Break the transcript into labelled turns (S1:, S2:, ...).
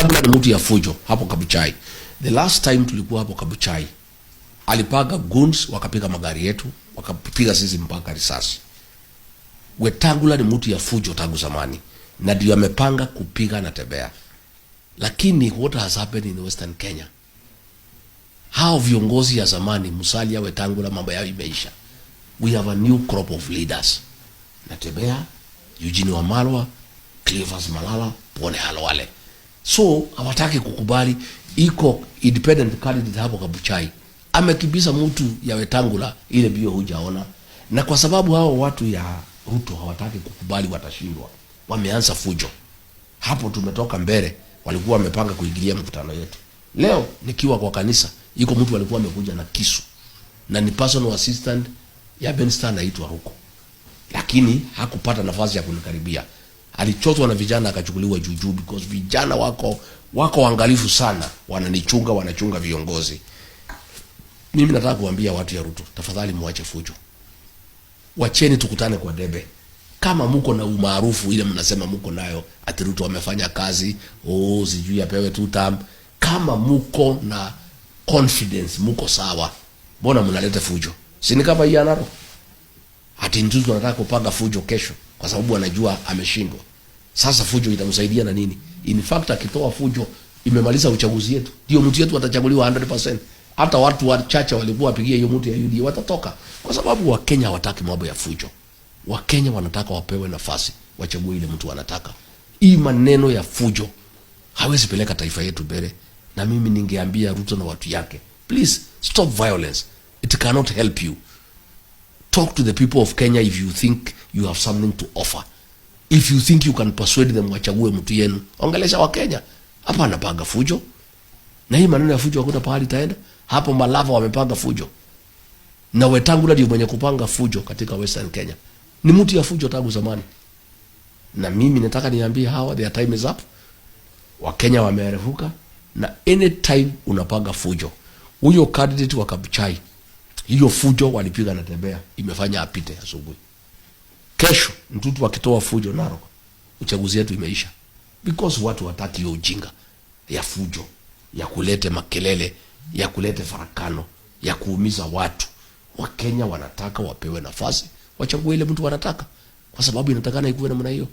S1: Kabla ni mtu ya fujo hapo Kabuchai. The last time tulikuwa hapo Kabuchai, alipaga guns wakapiga magari yetu, wakapiga sisi mpaka risasi. Wetangula ni mtu ya fujo tangu zamani na ndio amepanga kupiga na tebea. lakini what has happened in Western Kenya, hao viongozi ya zamani Musalia, Wetangula, mambo yao imeisha. We have a new crop of leaders na Tembea, Eugene Wamalwa, Cleophas Malala, Pone Halwale So hawataki kukubali iko independent candidate hapo Kabuchai. Amekibisa mtu ya Wetangula ile bio hujaona. Na kwa sababu hao watu ya Ruto hawataki kukubali watashindwa. Wameanza fujo. Hapo tumetoka mbele walikuwa wamepanga kuingilia mkutano yetu. Leo nikiwa kwa kanisa iko mtu alikuwa amekuja na kisu. Na ni personal assistant ya Ben anaitwa huko. Lakini hakupata nafasi ya kunikaribia alichotwa na vijana akachukuliwa juujuu, because vijana wako wako waangalifu sana, wananichunga, wanachunga viongozi. Mimi nataka kuambia watu ya Ruto, tafadhali mwache fujo, wacheni tukutane kwa debe. Kama mko na umaarufu ile mnasema mko nayo, ati Ruto amefanya kazi, oh sijui apewe two term. Kama mko na confidence, mko sawa, mbona mnaleta fujo? Si ni kama hii anaro ati Nduzu anataka kupanga fujo kesho, kwa sababu anajua ameshindwa. Sasa fujo itamsaidia na nini? In fact akitoa fujo imemaliza uchaguzi yetu. Ndio mtu yetu atachaguliwa 100%. Hata watu wachache walikuwa wapigia hiyo mtu ya UDA watatoka kwa sababu Wakenya hawataki mambo ya fujo. Wakenya wanataka wapewe nafasi, wachague ile mtu wanataka. Hii maneno ya fujo hawezi peleka taifa yetu mbele, na mimi ningeambia Ruto na watu yake, please stop violence, it cannot help you. Talk to the people of Kenya if you think you have something to offer if you think you can persuade them wachague mtu yenu, ongelesha wa Kenya Hapa anapanga fujo, na hii maneno ya fujo hakuna pahali taenda. Hapo Malava wamepanga fujo na Wetangula ndio mwenye kupanga fujo katika Western Kenya, ni mtu ya fujo tangu zamani. Na mimi nataka niambie hawa, their time is up. Wakenya wameerefuka, na any time unapanga fujo, huyo candidate wa Kabuchai, hiyo fujo walipiga na tembea imefanya apite asubuhi. Kesho mtutu akitoa fujo Narok, uchaguzi yetu imeisha, because watu wataki hiyo ujinga ya fujo ya kulete makelele ya kulete farakano ya kuumiza watu. Wakenya wanataka wapewe nafasi wachague ile mtu wanataka, kwa sababu inatakana ikuwe namna hiyo.